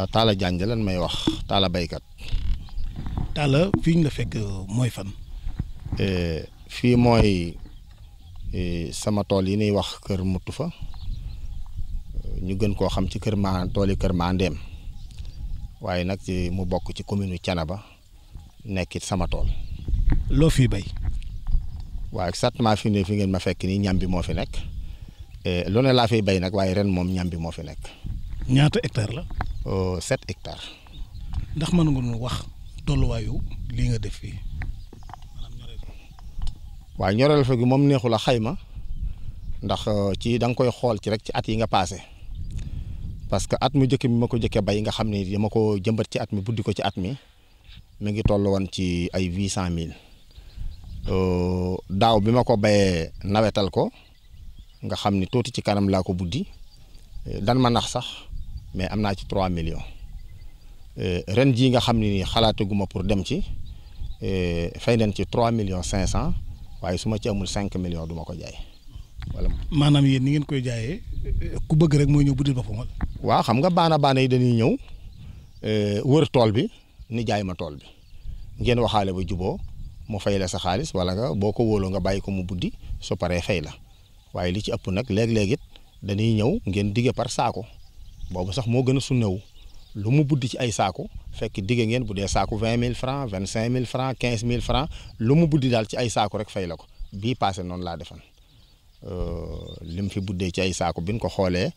Euh, Talla Diagne lan may wax Talla baykat Talla fii ñu la fekk euh, mooy fan. Euh, fii mooy sama tool yi ñuy wax kër muttu fa ñu gën koo xam ci kër ma tool yi kër Mandeem waaye nag ci mu bokk ci commune Thiénaba nekkit sama tool. loo fi bay. waa exactement fi ne fi ngeen ma fekk nii ñam bi moo fi nekk lu ne laa fiy bay nag waaye ren moom ñam bi moo fi nekk. ñaata hectare la. Euh, sept hectares. ndax mën nga ñu wax tolluwaayu lii nga def fii. waaw ñoreel fa gi moom neexul a xayma ndax euh, ci danga koy xool ci rek ci at yi nga paase parce que at mu njëkk bi ma ko njëkkee bay nga xam ne dama ko jëmbat ci at mi buddi ko ci at mi mi ngi toll woon ci ay huit cent mille euh, daaw bi ma ko bayee nawetal ko nga xam ni tuuti ci kanam laa ko buddi dan ma nax sax. mais am naa ci trois millions euh, ren jii nga xam ne nii xalaataguma pour dem ci euh, fay nañ ci trois millions cinq cent waaye su ma ci amul cinq millions du ma ko jaay wala. maanaam yéen ni ngeen koy jaayee euh, ku bëgg rek mooy ñëw budil boppam wala. waaw xam nga baana baana yi dañuy ñëw wër tool bi ni ma tool bi ngeen waxaale ba juboo mu fay la sa xaalis wala nga boo ko wóoloo nga bàyyi ko mu buddi su paree fay la waaye li ci ëpp nag léeg-léeg it ñëw ngeen dige par saako. boobu sax moo gën a sunnewu lu mu buddi ci ay saako fekk digge ngeen bu dee saako vingt mille franc vingt cinq mille franc quinze mille franc lu mu buddi daal ci ay saako rek fay la ko bii passé noonu laa defan euh, li mu fi buddee ci ay saako bi ñu ko xoolee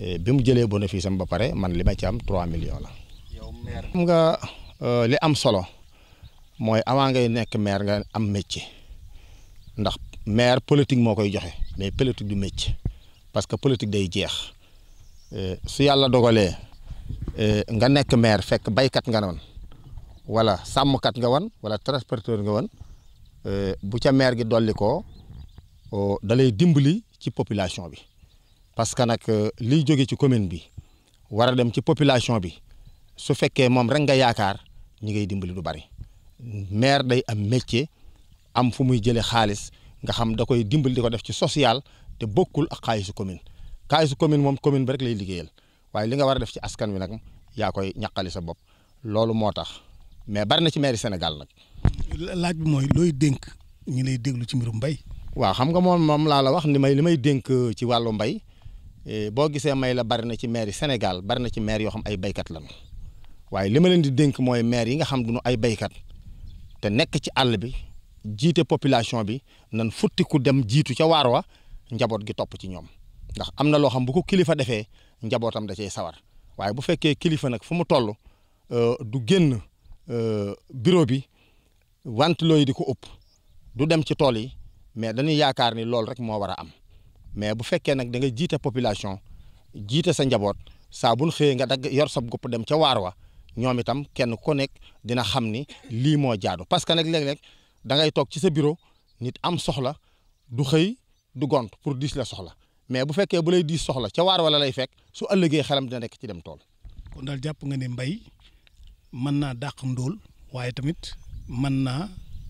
eh, bi mu jëlee bénéfice am ba pare man li ma ci am trois millions la. yow maire xam nga euh, li am solo mooy avant ngay nekk maire nga am métier ndax maire politique moo koy joxe mais politique du métier parce que politique day jeex. Eh, su yàlla dogalee eh, nga nekk maire fekk baykat nga woon wala sàmmkat nga wan wala transporteur nga woon eh, bu ca maire gi dolli ko oh, dalay dimbali ci population bi parce que nag liy jóge ci commune bi war a dem ci population bi su fekkee moom rek nga yaakaar ñi ngay dimbali du bari maire day am métier am fu muy jëlee xaalis nga xam da koy dimbali di ko def ci social te bokkul ak xaalisu commune. xaalisu commune moom commune bi rek lay liggéeyal waaye li nga war a def ci askan wi nag yaa koy ñaqali sa bopp loolu moo tax mais bari na ci mairie Sénégal nag. laaj bi mooy looy dénk ñu lay déglu ci mbirum mbay. waaw xam nga moom moom laa la wax ni may li may dénk euh, ci wàllu mbay euh, boo gisee may la bari na ci maire Sénégal bari na ci maire yoo xam ay baykat lañu waaye li ma leen di dénk mooy maire yi nga xam duñu ay baykat te nekk ci àll bi jiite population bi nan futti dem jiitu ca waar wa njaboot gi topp ci ñoom. ndax am na loo xam bu ko kilifa defee njabootam da cey sawar waaye bu fekkee kilifa nag fu mu toll euh, du génn euh, bureau bi wantiloo yi di ko ëpp du dem ci tool yi mais dañuy yaakaar ni loolu rek moo war a am mais bu fekkee nag da nga jiite population jiite sa njaboot saa bu xëyee nga dagg yor sab gupp dem ca waar wa ñoom itam kenn ko nekk dina xam ni lii moo jaadu parce que nag léeg-léeg da ngay toog ci sa bureau nit am soxla du xëy du gont pour dis la soxla mais bu fekkee bu lay diis soxla ca waar wala lay fekk su ëllëgee xelam dina nekk ci dem tool. kon daal jàpp nga ne mbay mën naa dàq ndóol waaye tamit man naa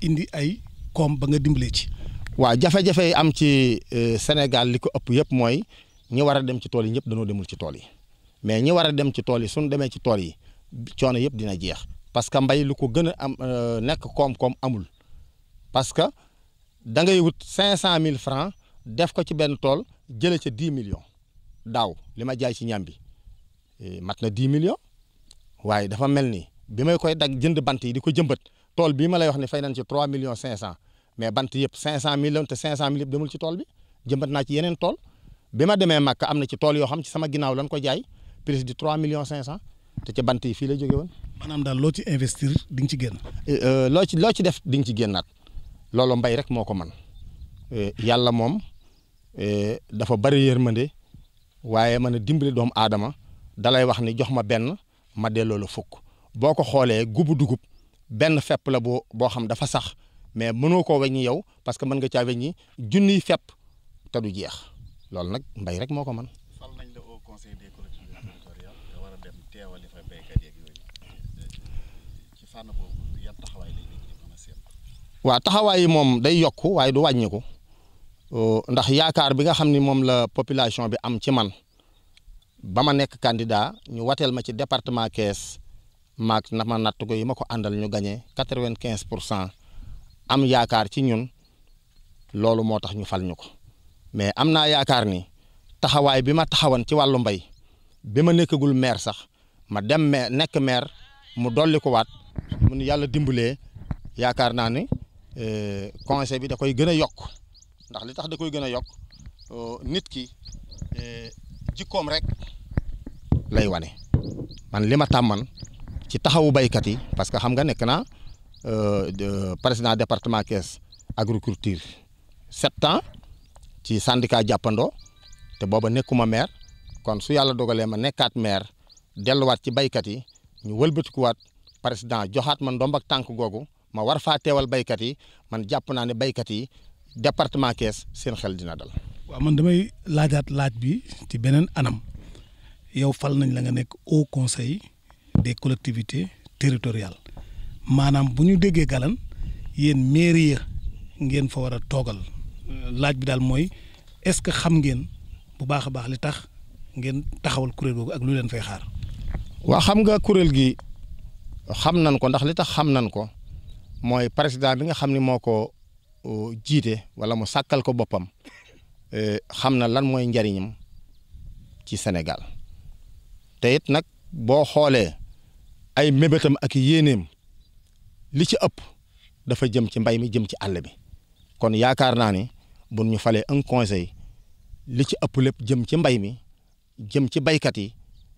indi ay koom ba nga dimbale ci. waa jafe-jafe yi am ci euh, Sénégal li ko ëpp yëpp mooy ñi war a dem ci tool yi ñëpp danoo demul ci tool yi mais ñi war a dem ci tool yi suñu demee ci tool yi coono yëpp dina jeex parce que mbay lu ko gën a am euh, nekk koom-koom amul parce que da ngay wut cinq cent mille francs def ko ci benn tool. jële ca dix millions daaw li ma jaay ci ñambi eh, mat na dix millions waaye dafa mel ni bi may koy dag jënd bant yi di ko jëmbat tool bii ma lay wax ne fay nañ ci trois millions cinq cent mais bant yëpp cinq cent mille te cinq cent mille tool bi jëmbat naa ci yeneen tool bi ma demee Màkka am na ci tool yoo xam ci sama ginnaaw lañ ko jaay prix di trois millions cent te ca bant yi fii la jóge woon. maanaam daal loo ci investir di nga ci génn. Eh, eh, loo ci loo ci def di nga ci génnaat loolu mbay rek moo ko mën yàlla moom. Eh, dafa bari yërmande waaye man a dimbali doomu aadama dalay wax ni jox ma benn ma delloo la fukk boo ko xoolee gubu dugub benn fepp la boo boo xam dafa sax mais mënoo ko weññi yow parce que mën nga caa weññi junniy fepp te du jeex loolu nag mbay rek moo ko mën. fal nañ la au conseil des collectivités fànn boobu yan taxawaay yi moom day yokk waaye du wàññi ko Euh, ndax yaakaar bi nga xam ni moom la population bi am ci man ba ma nekk candidat ñu wateel ma ci département Kees maag na ma natt ko yi ma ko àndal ñu gañee quatre-vingt-quinze pour cent am yaakaar ci ñun loolu moo tax ñu fal ñu ko mais am naa yaakaar ni taxawaay bi ma taxawan ci wàllu mbay bi ma nekkagul maire sax ma dem nekk maire mu dolli ko waat mun yàlla dimbalee yaakaar naa ni euh, conseil bi da koy gën a yokk ndax li tax da koy gën a yokk euh, nit ki euh, jikkoom rek lay wane man li ma tàmman ci taxawu baykat yi parce que xam nga nekk naa euh, président département Thiès agriculture sept ans ci syndicat jàppandoo te booba nekkuma maire kon su yàlla dogalee ma nekkaat maire delluwaat ci baykat yi ñu wëlbatikuwaat président joxaat ma ndomb ak tànk googu ma war faa teewal baykat yi man jàpp naa ne baykat yi département Kees seen xel dina dal. waaw man damay laajaat laaj bi ci beneen anam yow fal nañ la nga nekk au conseil des collectivités teritorial maanaam bu ñu déggee galan yéen mairie ya ngeen fa war a toogal euh, laaj bi daal mooy est-ce que xam ngeen bu baax a baax li tax ngeen taxawal kuréel googu ak lu leen fay xaar. waa xam nga kuréel gi xam nañ ko ndax li tax xam nañ ko mooy président bi nga xam ni moo ko jiite wala mu sakkal ko boppam eh, xam na lan mooy njariñam ci Sénégal te it nag boo xoolee ay mébétam ak yéeneem li ci ëpp dafa jëm ci mbay mi jëm ci àll bi kon yaakaar naa ni bu ñu falee un conseil li ci ëpp lépp jëm ci mbay mi jëm ci baykat yi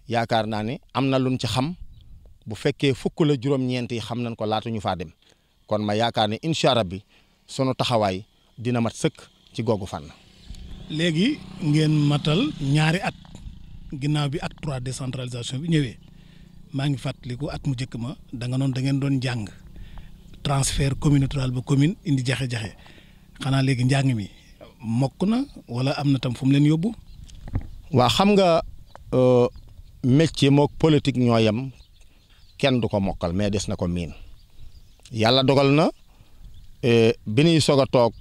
yaakaar naa ne am na luñ ci xam bu fekkee fukk la juróom-ñeent yi xam nañ ko laatu ñu faa dem kon ma yaakaar ne incha rabbi sunu taxawaay dina mat sëkk ci googu fànn. léegi ngeen matal ñaari at ginnaaw bi ak trois décentralisation bi ñëwee maa ngi fàttaliku at mu njëkk ma da nga noon da ngeen doon jàng transfert communautaire ba commune indi jaxe-jaxe xanaa léegi njàng mi mokk na wala am na tam fu mu leen yóbbu. waa xam nga euh, métier mook politique ñoo yem kenn du ko mokkal mais des na ko miin yàlla dogal na. Eh, bi ñuy soog a toog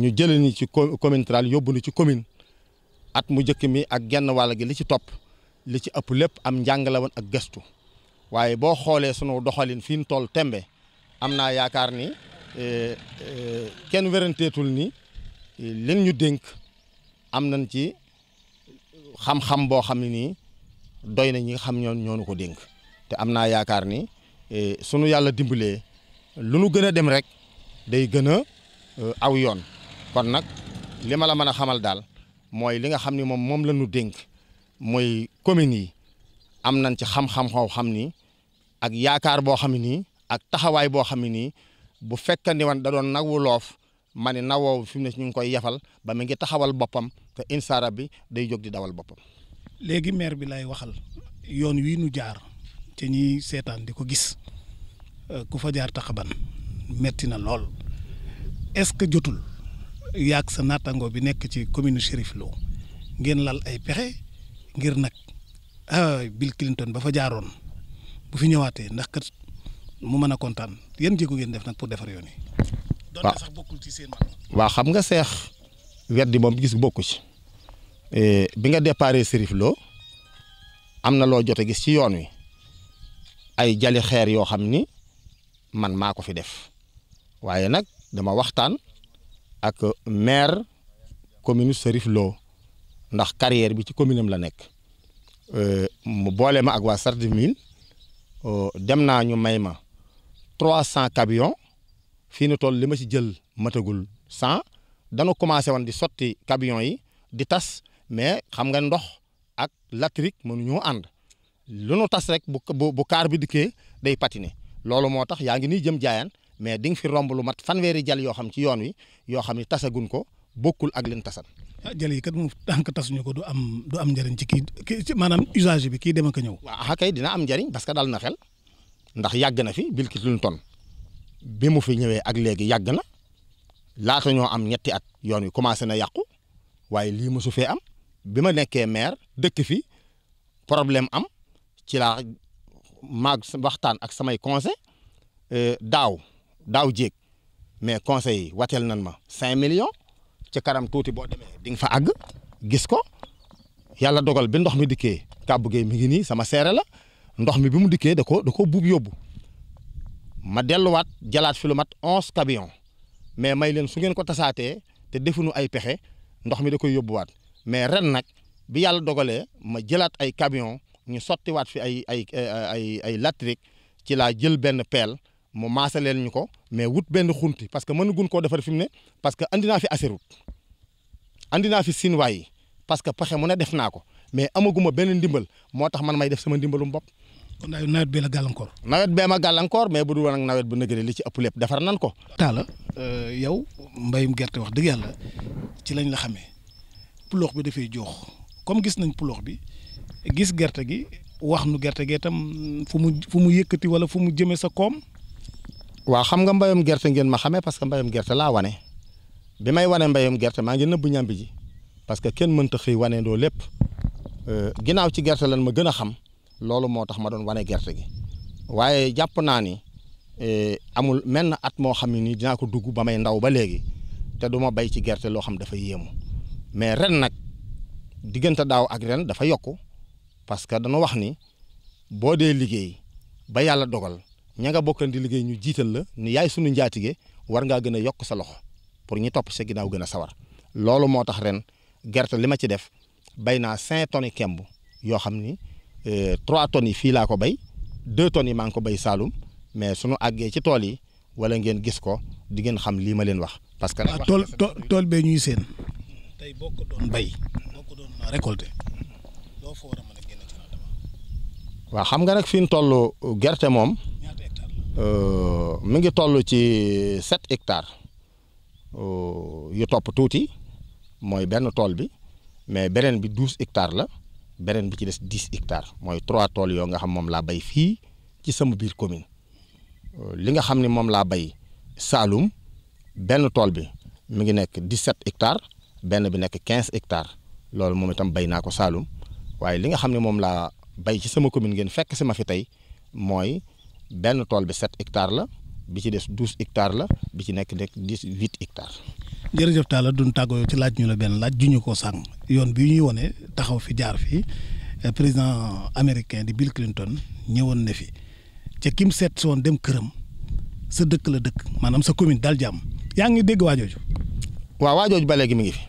ñu jëlee ni ci commune Tiraal yóbbu ni ci commune at mu njëkk mi ak genn wàll gi li ci topp li ci ëpp lépp am njàng la woon ak gëstu waaye boo xoolee sunu doxalin fi ñu toll tembe am naa yaakaar ni eh, eh, kenn wéranteetul ni leen ñu dénk am nañ ci xam boo xam ne nii doy na ñi xam ñoon ñoonu ko dénk te am naa yaakaar ni sunu yàlla dimbalee lu nu gën a dem rek. day gën a euh, aw yoon kon nag li ma la mën a xamal daal mooy li nga xam ni moom moom la nu dénk mooy communes yi am nañ ci xam-xam xaw xam ni ak yaakaar boo xam ni ak taxawaay boo xam ni bu fekkee ni wan da doon nagu loof ma ne nawoo fi mu ne ñu ngi koy yafal ba mu ngi taxawal boppam te insaara bi day jóg di dawal boppam. léegi maire bi lay waxal yoon wi nu jaar te ñiy seetaan di ko gis euh, ku fa jaar taxaban metti na lool est-ce que jotul yaag sa naataango bi nekk ci commune Chérif Lo ngeen lal ay pexe ngir nag ah Bill Clinton ba fa jaaroon bu fi ñëwaatee ndax kat mu mën a kontaan yan jéego ngeen def nag pour defar yoon yi. waaw bokkul ci seen waaw xam nga seex weddi moom gis bokku ci eh, bi nga déparé Chérif loo am na loo jote gis ci yoon wi ay jali xeer yoo xam ni man maa ko fi def waaye nag dama waxtaan ak maire commune Serif Lo ndax carrière bi ci commune am la nekk euh, mu boole ma ak waa Sardine mine euh, dem naa ñu may ma trois cent camions fii ni toll li ma ci jël matagul cent dañu commencé woon di sotti camions yi di tas mais xam nga ndox ak latrik mënuñoo ànd lu nu tas rek bu bu kaar bi di dikkee day patiner loolu moo tax yaa ngi nii jëm jaayaan mais di fi romb lu mat fanweeri jal yoo xam ci yoon wi yoo xam ni tasagun ko bokkul ak leen tasan. ah jal yi kat moom tànk tasuñu ko du am du njëriñ ci kii ci maanaam usage bi kii dem ko ñëw. waaw ah kay dina am njëriñ parce que dal na xel ndax yàgg na fi bil kitul ton bi mu fi ñëwee ak léegi yàgg na laata ñoo am ñetti at yoon wi commencé na yàqu waaye lii mosu fee am bi ma nekkee maire dëkk fi problème am ci laa maag waxtaan ak samay conse euh, daaw. daaw jéeg mais conseil yi wateel nan ma cinq millions ci kanam tuuti boo demee di nga fa àgg gis ko yàlla dogal bi ndox mi dikkee kàbbu géey mi ngi nii sama seere la ndox mi bi mu dikkee da ko da ko buub yóbbu ma delluwaat jalaat fi lu mat onze cabion mais may leen su ngeen ko tasaatee te defuñu ay pexe ndox mi da koy yóbbuwaat mais ren nag bi yàlla dogalee ma jëlaat ay cabion ñu sottiwaat fi ay ay ay ay ay latrik ci laa jël benn peel mu maase leen ñu ko mais wut benn xunti parce que mën mënaguñ koo defar fi mu ne parce que andi fi aserut andi naa fi sinwaay yi parce que pexe mu ne def naa ko mais amaguma benn ndimbal moo tax man may def sama ndimbalum bopp. kon nawet bi la gàllankoor. nawet bee ma gàllankoor mais bu dul woon ak nawet bu nëgëri li ci ëpp lépp defar nan ko. taala euh, yow mbayum gerte wax dëgg yàlla ci lañ la xamee puloox bi dafay joox comme gis nañ puloox bi gis gerte gi wax nu gerte gi itam fu mu mu yëkkati wala fu mu jëmee sa koom. waaw xam nga mbayum gerte ngeen ma xamee parce que mbayum gerte laa wane bi may wane mbayum gerte maa ngi nëbbu ñàmbi ji parce que kenn mënta xëy wane doo lépp euh, ginnaaw ci gerte lan ma gën a xam loolu moo tax ma doon wane gerte gi waaye jàpp naa ni e, amul menn at moo xam ne nii dinaa ko dugg ba may ndaw ba léegi te du ma bay ci gerte loo xam dafa yéemu mais ren nag diggante daaw ak ren dafa yokku parce que dañu wax ni boo dee liggéey ba yàlla dogal. ña nga bokkan di liggéey ñu jiital la ni yaay sunu njaatige war ngaa gën a yokk sa loxo pour ñu topp sa ginnaaw gën sawar loolu moo tax ren gerte li ma ci def bay naa cinq tonnes yi kemb yoo xam ni euh, trois tonnes yi fii laa ko bay deux tonnes yi maa ngi ko bay Saalum mais sunu àggee ci tool yi wala ngeen gis ko di ngeen xam lii ma leen wax. parce que tool tool bee ñuy seen. tey boo ko doon bay boo ko doon récolter loo fa war a xam nga rek fi mu toll gerte moom. Euh, mi ngi toll ci sept hectares euh, yu topp tuuti mooy benn tool bi mais beneen bi douze hectares la beneen bi ci des dix hectares mooy trois tool yoo nga xam moom laa bay fii ci sama biir commune euh, li nga xam ni moom laa bay Saloum benn tool bi mu ngi nekk dix sept hectares benn bi nekk quinze hectares loolu moom itam bay naa ko saalum waaye li nga xam ne moom laa bay ci sama commune ngeen fekk si ma fi tey mooy. benn tool bi sept hectares la bi ci des douze hectares la bi ci nekk nekk dix huit hectares. jërëjëf la benn laaj ju ñu ko sàng yoon bi ñuy wone taxaw fi jaar fi eh, président américain di Bill Clinton ñëwoon na fi ca kim seet si dem këram sa dëkk la dëkk maanaam sa commune daal jàmm yaa ngi dégg waa jooju. waaw waa jooju ba léegi mi ngi fi.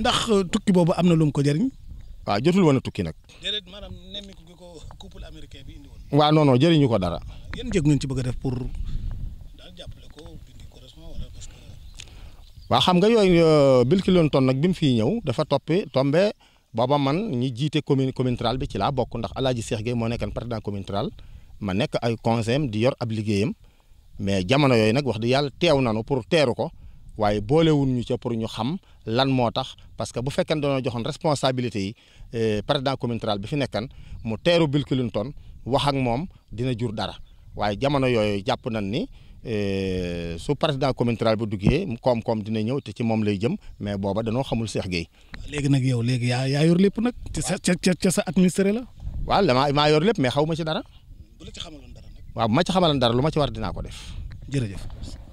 ndax eh, tukki boobu am na lu ko jëriñ. waaw jotul woon a tukki nag. waa non jëriñu ko dara. yéen jéeg ngeen ci bëgg a def pour daal xam nga yooyu euh, Bill Clinton nag bi mu fiy ñëw dafa toppi tombé booba man ñi jiite commune commune Tral bi ci laa bokk ndax El Hadj Cheikh moo nekkoon président commune Tral ma nekk ay conseil di yor ab liggéeyam mais jamono yooyu nag wax di yàlla teew nañu pour teeru ko waaye boolewul ñu ca pour ñu xam lan moo tax parce que bu fekkee ne dañoo joxoon responsabilité yi euh, président commune Tral bi fi nekkan mu teeru Bill Clinton. wax ak moom dina jur dara waaye jamono yooyu jàpp nañ ni e, su président communal bu duggee koom-koom dina ñëw te ci moom lay jëm mais booba danoo xamul Cheikh Gueye. léegi nag yow léegi yaa yaa yor lépp nag. ca ca ca sa administré la. waaw damaa maa yor lépp mais xaw ma ci dara. bu la ci xamaloon dara nag. waaw ma ci xamaloon dara lu ma ci war dinaa ko def. jërëjëf.